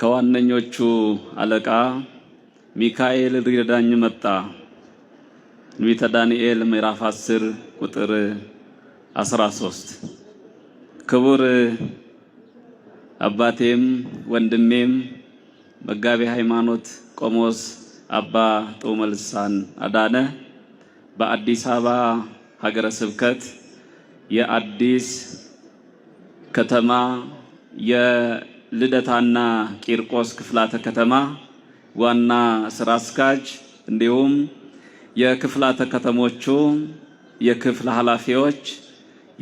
ከዋነኞቹ አለቃ ሚካኤል ሊረዳኝ መጣ። ትንቢተ ዳንኤል ምዕራፍ 10 ቁጥር 13። ክቡር አባቴም ወንድሜም መጋቤ ሃይማኖት ቆሞስ አባ ጦመልሳን አዳነ በአዲስ አበባ ሀገረ ስብከት የአዲስ ከተማ ልደታና ቂርቆስ ክፍላተ ከተማ ዋና ስራ አስኪያጅ እንዲሁም የክፍላተ ከተሞቹ የክፍል ኃላፊዎች፣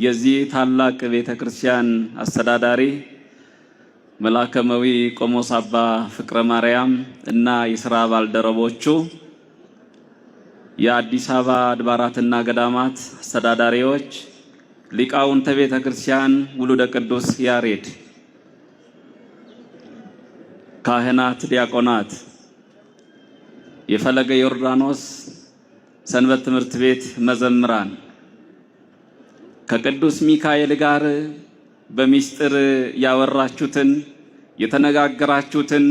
የዚህ ታላቅ ቤተ ክርስቲያን አስተዳዳሪ መላከመዊ ቆሞስ አባ ፍቅረ ማርያም እና የስራ ባልደረቦቹ፣ የአዲስ አበባ አድባራትና ገዳማት አስተዳዳሪዎች፣ ሊቃውንተ ቤተ ክርስቲያን፣ ውሉደ ቅዱስ ያሬድ ካህናት፣ ዲያቆናት፣ የፈለገ ዮርዳኖስ ሰንበት ትምህርት ቤት መዘምራን ከቅዱስ ሚካኤል ጋር በሚስጥር ያወራችሁትን፣ የተነጋገራችሁትን፣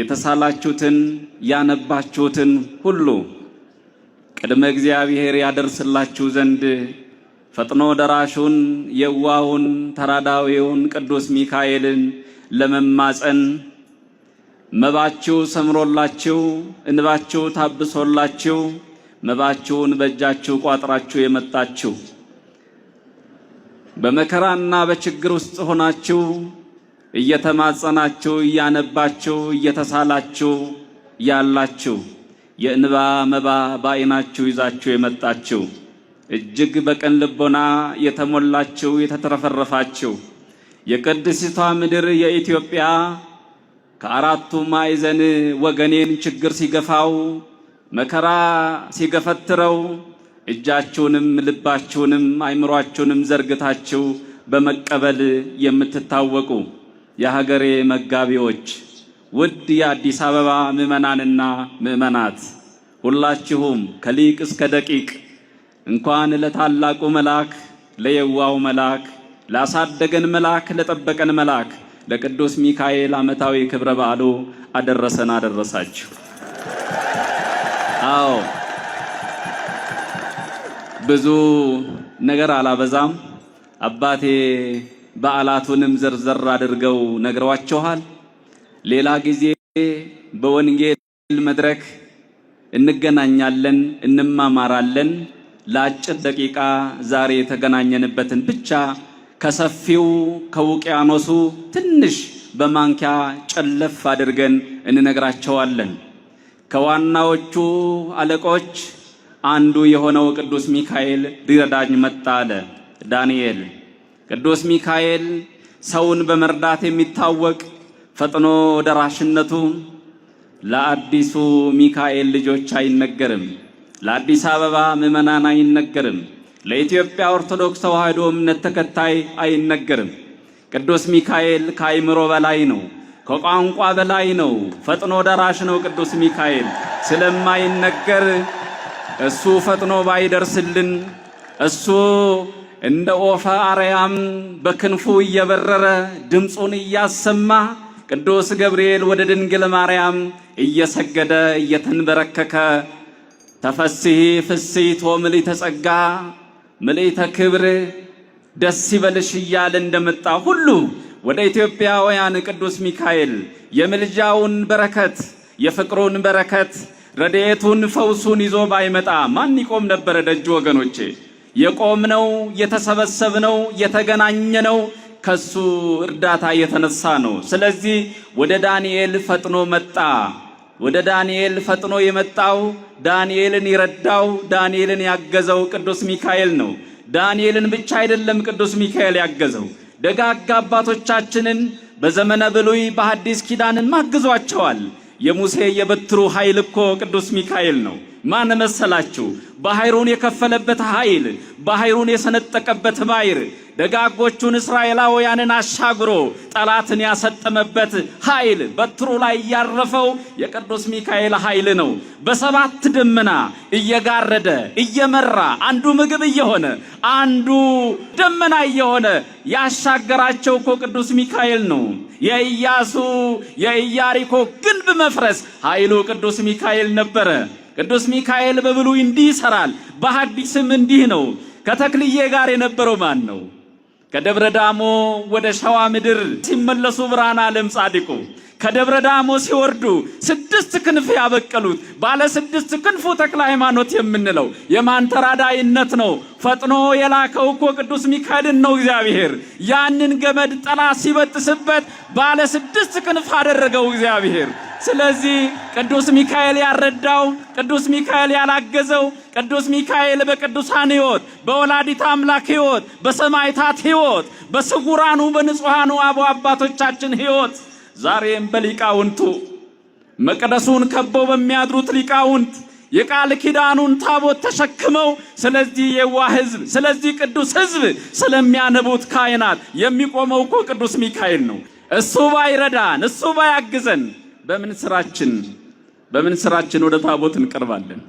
የተሳላችሁትን፣ ያነባችሁትን ሁሉ ቅድመ እግዚአብሔር ያደርስላችሁ ዘንድ ፈጥኖ ደራሹን የዋሁን ተራዳዊውን ቅዱስ ሚካኤልን ለመማፀን መባችሁ ሰምሮላችሁ እንባችሁ ታብሶላችሁ መባችሁን በእጃችሁ ቋጥራችሁ የመጣችሁ በመከራና በችግር ውስጥ ሆናችሁ እየተማጸናችሁ እያነባችሁ እየተሳላችሁ ያላችሁ የእንባ መባ በዓይናችሁ ይዛችሁ የመጣችሁ እጅግ በቀን ልቦና የተሞላችሁ የተትረፈረፋችሁ የቅድስቷ ምድር የኢትዮጵያ ከአራቱ ማዕዘን ወገኔን ችግር ሲገፋው መከራ ሲገፈትረው እጃችሁንም ልባችሁንም አይምሯችሁንም ዘርግታችሁ በመቀበል የምትታወቁ የሀገሬ መጋቢዎች፣ ውድ የአዲስ አበባ ምዕመናንና ምዕመናት ሁላችሁም ከሊቅ እስከ ደቂቅ እንኳን ለታላቁ መልአክ ለየዋው መልአክ ላሳደገን መልአክ ለጠበቀን መልአክ ለቅዱስ ሚካኤል ዓመታዊ ክብረ በዓሉ አደረሰን አደረሳችሁ። አዎ ብዙ ነገር አላበዛም። አባቴ በዓላቱንም ዘርዘር አድርገው ነግረዋችኋል። ሌላ ጊዜ በወንጌል መድረክ እንገናኛለን፣ እንማማራለን። ለአጭር ደቂቃ ዛሬ የተገናኘንበትን ብቻ ከሰፊው ከውቅያኖሱ ትንሽ በማንኪያ ጨለፍ አድርገን እንነግራቸዋለን። ከዋናዎቹ አለቆች አንዱ የሆነው ቅዱስ ሚካኤል ሊረዳኝ መጣ አለ ዳንኤል። ቅዱስ ሚካኤል ሰውን በመርዳት የሚታወቅ ፈጥኖ ደራሽነቱ ለአዲሱ ሚካኤል ልጆች አይነገርም፣ ለአዲስ አበባ ምዕመናን አይነገርም። ለኢትዮጵያ ኦርቶዶክስ ተዋሕዶ እምነት ተከታይ አይነገርም። ቅዱስ ሚካኤል ከአእምሮ በላይ ነው፣ ከቋንቋ በላይ ነው፣ ፈጥኖ ደራሽ ነው። ቅዱስ ሚካኤል ስለማይነገር እሱ ፈጥኖ ባይደርስልን እሱ እንደ ኦፈ አርያም በክንፉ እየበረረ ድምፁን እያሰማ ቅዱስ ገብርኤል ወደ ድንግል ማርያም እየሰገደ እየተንበረከከ ተፈስሒ ፍስሕት ሆምልዕተ ጸጋ ምልዕተ ክብር ደስ ይበልሽ እያለ እንደመጣ ሁሉ ወደ ኢትዮጵያውያን ቅዱስ ሚካኤል የምልጃውን በረከት የፍቅሩን በረከት ረድኤቱን ፈውሱን ይዞ ባይመጣ ማን ይቆም ነበረ ደጅ? ወገኖቼ የቆምነው የተሰበሰብነው የተገናኘነው ከሱ እርዳታ የተነሳ ነው። ስለዚህ ወደ ዳንኤል ፈጥኖ መጣ። ወደ ዳንኤል ፈጥኖ የመጣው ዳንኤልን ይረዳው ዳንኤልን ያገዘው ቅዱስ ሚካኤል ነው። ዳንኤልን ብቻ አይደለም ቅዱስ ሚካኤል ያገዘው፣ ደጋጋ አባቶቻችንን በዘመነ ብሉይ በሐዲስ ኪዳንን ማግዟቸዋል። የሙሴ የበትሩ ኃይል እኮ ቅዱስ ሚካኤል ነው። ማን መሰላችሁ? ባህሩን የከፈለበት ኃይል፣ ባህሩን የሰነጠቀበት ባይር፣ ደጋጎቹን እስራኤላውያንን አሻግሮ ጠላትን ያሰጠመበት ኃይል በትሩ ላይ ያረፈው የቅዱስ ሚካኤል ኃይል ነው። በሰባት ደመና እየጋረደ እየመራ አንዱ ምግብ እየሆነ አንዱ ደመና እየሆነ ያሻገራቸው እኮ ቅዱስ ሚካኤል ነው። የኢያሱ የኢያሪኮ ግንብ መፍረስ ኃይሉ ቅዱስ ሚካኤል ነበረ። ቅዱስ ሚካኤል በብሉይ እንዲህ ይሰራል፣ በሐዲስም እንዲህ ነው። ከተክልዬ ጋር የነበረው ማን ነው? ከደብረ ዳሞ ወደ ሸዋ ምድር ሲመለሱ ብርሃን ዓለም ጻድቁ ከደብረ ዳሞ ሲወርዱ ስድስት ክንፍ ያበቀሉት ባለ ስድስት ክንፉ ተክለ ሃይማኖት የምንለው የማን ተራዳይነት ነው? ፈጥኖ የላከው እኮ ቅዱስ ሚካኤልን ነው እግዚአብሔር። ያንን ገመድ ጠላት ሲበጥስበት ባለ ስድስት ክንፍ አደረገው እግዚአብሔር። ስለዚህ ቅዱስ ሚካኤል ያረዳው ቅዱስ ሚካኤል ያላገዘው፣ ቅዱስ ሚካኤል በቅዱሳን ሕይወት፣ በወላዲት አምላክ ሕይወት፣ በሰማይታት ሕይወት፣ በስጉራኑ በንጹሐኑ አበው አባቶቻችን ሕይወት ዛሬም በሊቃውንቱ መቅደሱን ከበው በሚያድሩት ሊቃውንት የቃል ኪዳኑን ታቦት ተሸክመው ስለዚህ የዋ ሕዝብ ስለዚህ ቅዱስ ሕዝብ ስለሚያነቡት ካህናት የሚቆመው እኮ ቅዱስ ሚካኤል ነው። እሱ ባይረዳን እሱ ባያግዘን በምን ስራችን በምን ስራችን ወደ ታቦት እንቀርባለን?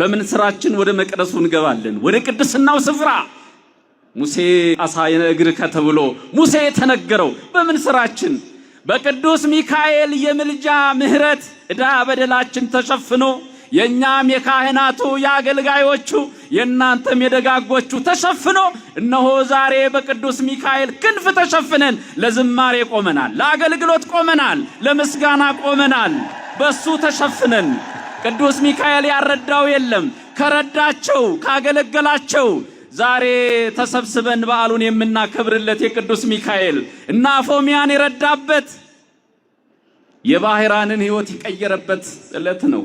በምን ስራችን ወደ መቅደሱ እንገባለን? ወደ ቅድስናው ስፍራ ሙሴ አሳ ይነግርከ ከተብሎ ሙሴ የተነገረው በምን ስራችን? በቅዱስ ሚካኤል የምልጃ ምሕረት ዕዳ በደላችን ተሸፍኖ የእኛም የካህናቱ የአገልጋዮቹ የእናንተም የደጋጎቹ ተሸፍኖ እነሆ ዛሬ በቅዱስ ሚካኤል ክንፍ ተሸፍነን ለዝማሬ ቆመናል፣ ለአገልግሎት ቆመናል፣ ለምስጋና ቆመናል። በሱ ተሸፍነን ቅዱስ ሚካኤል ያረዳው የለም ከረዳቸው ካገለገላቸው ዛሬ ተሰብስበን በዓሉን የምናከብርለት የቅዱስ ሚካኤል እና አፎሚያን የረዳበት የባህራንን ሕይወት የቀየረበት ዕለት ነው።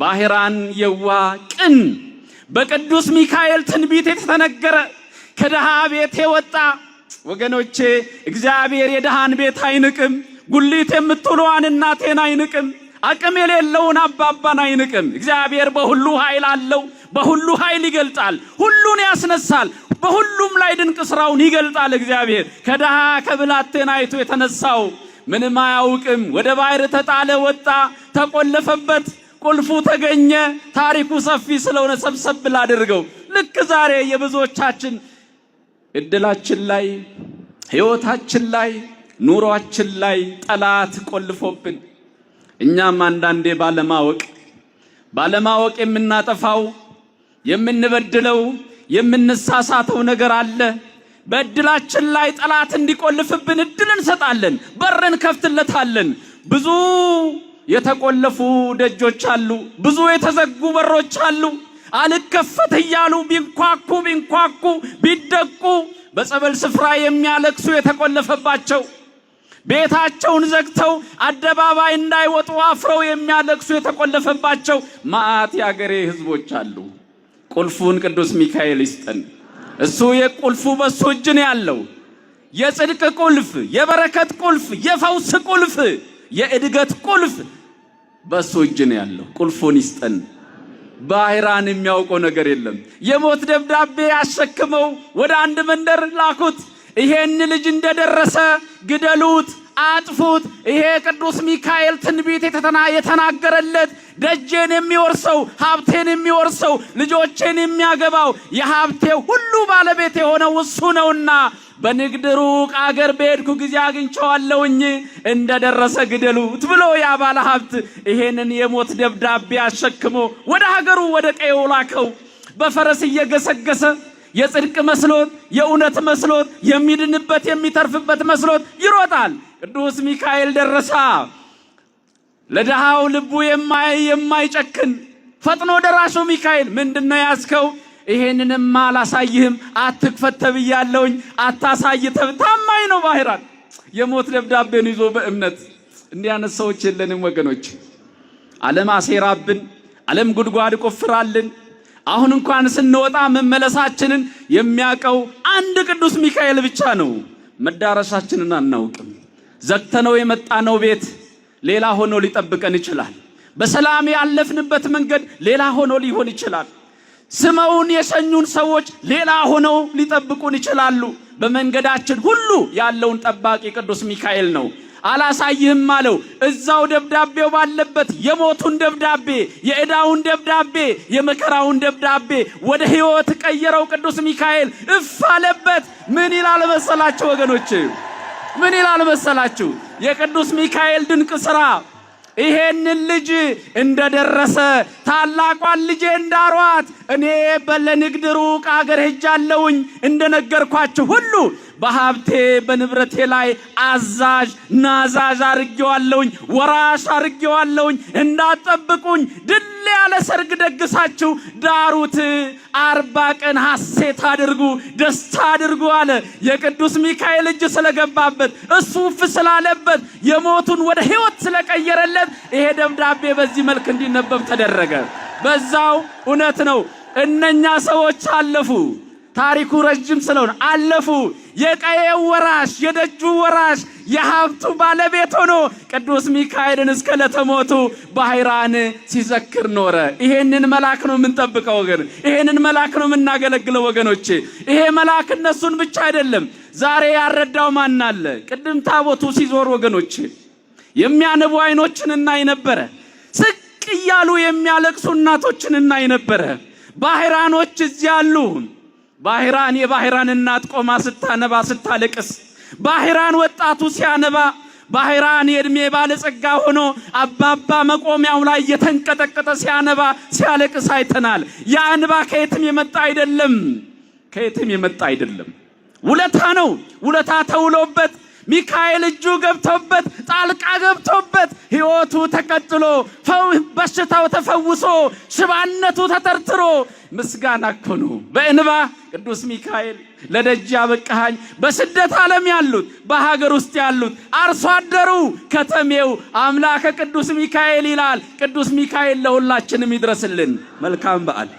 ባህራን የዋ ቅን በቅዱስ ሚካኤል ትንቢት የተተነገረ ከድሃ ቤት የወጣ ወገኖቼ፣ እግዚአብሔር የድሃን ቤት አይንቅም። ጉሊት የምትውለዋን እናቴን አይንቅም። አቅም የሌለውን አባባን አይንቅም። እግዚአብሔር በሁሉ ኃይል አለው። በሁሉ ኃይል ይገልጣል። ሁሉን ያስነሳል። በሁሉም ላይ ድንቅ ስራውን ይገልጣል። እግዚአብሔር ከድሃ ከብላቴን አይቶ የተነሳው ምንም አያውቅም። ወደ ባሕር ተጣለ፣ ወጣ፣ ተቆለፈበት ቁልፉ ተገኘ። ታሪኩ ሰፊ ስለሆነ ሰብሰብ ላድርገው። ልክ ዛሬ የብዙዎቻችን እድላችን ላይ፣ ህይወታችን ላይ፣ ኑሯችን ላይ ጠላት ቆልፎብን እኛም አንዳንዴ ባለማወቅ ባለማወቅ የምናጠፋው የምንበድለው የምንሳሳተው ነገር አለ። በእድላችን ላይ ጠላት እንዲቆልፍብን እድል እንሰጣለን፣ በርን ከፍትለታለን ብዙ የተቆለፉ ደጆች አሉ፣ ብዙ የተዘጉ በሮች አሉ። አልከፈት እያሉ ቢንኳኩ ቢንኳኩ ቢደቁ በጸበል ስፍራ የሚያለቅሱ የተቆለፈባቸው ቤታቸውን ዘግተው አደባባይ እንዳይወጡ አፍረው የሚያለቅሱ የተቆለፈባቸው ማአት የአገሬ ሕዝቦች አሉ። ቁልፉን ቅዱስ ሚካኤል ይስጠን። እሱ የቁልፉ በሱ እጅ ነው ያለው። የጽድቅ ቁልፍ፣ የበረከት ቁልፍ፣ የፈውስ ቁልፍ፣ የእድገት ቁልፍ በእሱ እጅ ነው ያለው። ቁልፉን ይስጠን። ባህራን የሚያውቀው ነገር የለም። የሞት ደብዳቤ ያሸክመው ወደ አንድ መንደር ላኩት። ይሄን ልጅ እንደደረሰ ግደሉት አጥፉት። ይሄ ቅዱስ ሚካኤል ትንቢት የተናገረለት ደጄን የሚወርሰው ሀብቴን የሚወርሰው ልጆቼን የሚያገባው የሀብቴ ሁሉ ባለቤት የሆነው እሱ ነውና በንግድ ሩቅ አገር በሄድኩ ጊዜ አግኝቸዋለሁኝ እንደደረሰ ግደሉት ብሎ ያ ባለ ሀብት ይሄንን የሞት ደብዳቤ አሸክሞ ወደ ሀገሩ ወደ ቀየው ላከው። በፈረስ እየገሰገሰ የጽድቅ መስሎት የእውነት መስሎት የሚድንበት የሚተርፍበት መስሎት ይሮጣል። ቅዱስ ሚካኤል ደረሳ። ለድሃው ልቡ የማይጨክን ፈጥኖ ደራሹ ሚካኤል ምንድነው ያዝከው? ይሄንንም አላሳይህም፣ አትክፈት ተብያለሁኝ፣ አታሳይ ታማኝ ነው ባህራን የሞት ደብዳቤን ይዞ በእምነት እንዲህ አይነት ሰዎች የለንም ወገኖች። ዓለም አሴራብን፣ ዓለም ጉድጓድ ቆፍራልን። አሁን እንኳን ስንወጣ መመለሳችንን የሚያቀው አንድ ቅዱስ ሚካኤል ብቻ ነው። መዳረሻችንን አናውቅም። ዘግተነው የመጣነው ቤት ሌላ ሆኖ ሊጠብቀን ይችላል። በሰላም ያለፍንበት መንገድ ሌላ ሆኖ ሊሆን ይችላል። ስመውን የሸኙን ሰዎች ሌላ ሆነው ሊጠብቁን ይችላሉ። በመንገዳችን ሁሉ ያለውን ጠባቂ ቅዱስ ሚካኤል ነው። አላሳይህም አለው። እዛው ደብዳቤው ባለበት የሞቱን ደብዳቤ፣ የዕዳውን ደብዳቤ፣ የመከራውን ደብዳቤ ወደ ሕይወት ቀየረው ቅዱስ ሚካኤል። እፍ አለበት። ምን ይላል መሰላችሁ ወገኖች? ምን ይላል መሰላችሁ? የቅዱስ ሚካኤል ድንቅ ሥራ ይሄንን ልጅ እንደደረሰ ታላቋን ልጄ እንዳሯት እኔ በለንግድ ሩቅ አገር ሄጃለሁኝ እንደነገርኳችሁ ሁሉ በሀብቴ በንብረቴ ላይ አዛዥ ናዛዥ አርጌዋለሁኝ፣ ወራሽ አርጌዋለሁኝ። እንዳጠብቁኝ ድል ያለ ሰርግ ደግሳችሁ ዳሩት። አርባ ቀን ሐሴት አድርጉ፣ ደስታ አድርጉ አለ። የቅዱስ ሚካኤል እጅ ስለገባበት እሱ እፍ ስላለበት የሞቱን ወደ ሕይወት ስለቀየረለት ይሄ ደብዳቤ በዚህ መልክ እንዲነበብ ተደረገ። በዛው እውነት ነው እነኛ ሰዎች አለፉ። ታሪኩ ረጅም ስለሆነ አለፉ። የቀየው ወራሽ፣ የደጁ ወራሽ፣ የሀብቱ ባለቤት ሆኖ ቅዱስ ሚካኤልን እስከ ለተሞቱ ባህራን ሲዘክር ኖረ። ይሄንን መልአክ ነው የምንጠብቀው ወገን፣ ይሄንን መልአክ ነው የምናገለግለው ወገኖቼ። ይሄ መልአክ እነሱን ብቻ አይደለም። ዛሬ ያረዳው ማን አለ? ቅድም ታቦቱ ሲዞር ወገኖቼ የሚያንቡ አይኖችን እናይ ነበረ። ስቅ እያሉ የሚያለቅሱ እናቶችን እናይ ነበረ። ባህራኖች እዚያሉ አሉ። ባህራን የባህራን እናት ቆማ ስታነባ ስታለቅስ፣ ባህራን ወጣቱ ሲያነባ፣ ባህራን የእድሜ ባለጸጋ ሆኖ አባባ መቆሚያው ላይ እየተንቀጠቀጠ ሲያነባ ሲያለቅስ አይተናል። ያ እንባ ከየትም የመጣ አይደለም፣ ከየትም የመጣ አይደለም። ውለታ ነው። ውለታ ተውሎበት ሚካኤል እጁ ገብቶበት ጣልቃ ገብቶበት ሕይወቱ ተቀጥሎ በሽታው ተፈውሶ ሽባነቱ ተጠርትሮ ምስጋና እኮ በእንባ ቅዱስ ሚካኤል ለደጅ ያበቃሃኝ። በስደት ዓለም ያሉት፣ በሀገር ውስጥ ያሉት፣ አርሶ አደሩ፣ ከተሜው አምላከ ቅዱስ ሚካኤል ይላል። ቅዱስ ሚካኤል ለሁላችንም ይድረስልን። መልካም በዓል